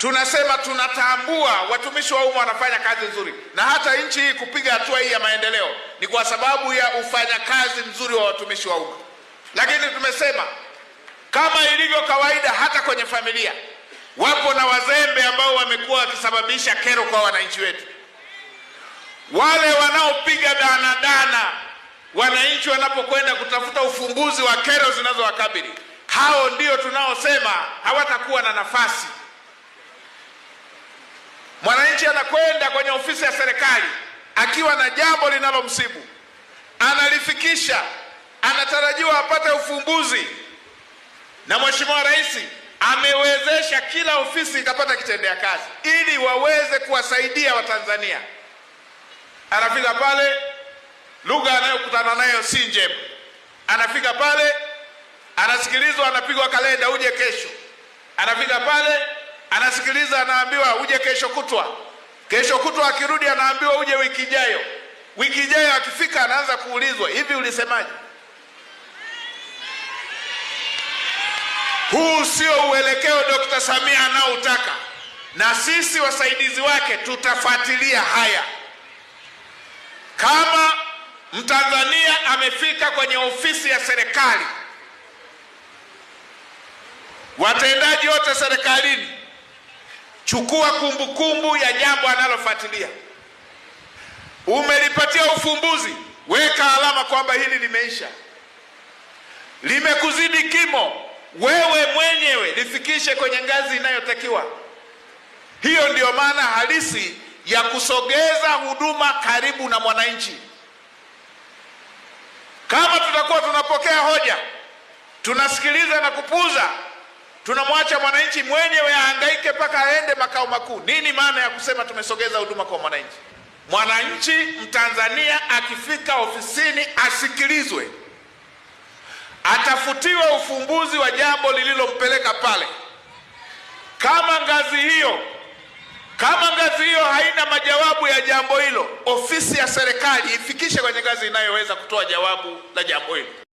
Tunasema tunatambua watumishi wa umma wanafanya kazi nzuri, na hata nchi hii kupiga hatua hii ya maendeleo ni kwa sababu ya ufanyakazi mzuri wa watumishi wa umma. Lakini tumesema kama ilivyo kawaida, hata kwenye familia wapo na wazembe ambao wamekuwa wakisababisha kero kwa wananchi wetu, wale wanaopiga danadana wananchi wanapokwenda kutafuta ufumbuzi wa kero zinazowakabili. Hao ndio tunaosema hawatakuwa na nafasi mwananchi anakwenda kwenye ofisi ya serikali akiwa na jambo linalomsibu, analifikisha, anatarajiwa apate ufumbuzi, na Mheshimiwa Rais amewezesha kila ofisi ikapata kitendea kazi ili waweze kuwasaidia Watanzania. Anafika pale, lugha anayokutana nayo si njema. Anafika pale, anasikilizwa, anapigwa kalenda, uje kesho. Anafika pale, anasikiliza, anaambiwa uje kesho kutwa. Kesho kutwa akirudi anaambiwa uje wiki ijayo. Wiki ijayo akifika anaanza kuulizwa, hivi ulisemaje? Huu sio uelekeo Dr. Samia anaoutaka, na sisi wasaidizi wake tutafuatilia haya. Kama Mtanzania amefika kwenye ofisi ya serikali, watendaji wote serikalini Chukua kumbukumbu kumbu ya jambo analofuatilia, umelipatia ufumbuzi, weka alama kwamba hili limeisha. Limekuzidi kimo, wewe mwenyewe lifikishe kwenye ngazi inayotakiwa. Hiyo ndiyo maana halisi ya kusogeza huduma karibu na mwananchi. Kama tutakuwa tunapokea hoja, tunasikiliza na kupuuza tunamwacha mwananchi mwenyewe ahangaike mpaka aende makao makuu. Nini maana ya kusema tumesogeza huduma kwa mwananchi? Mwananchi mtanzania akifika ofisini asikilizwe, atafutiwe ufumbuzi wa jambo lililompeleka pale. Kama ngazi hiyo kama ngazi hiyo haina majawabu ya jambo hilo, ofisi ya serikali ifikishe kwenye ngazi inayoweza kutoa jawabu la jambo hilo.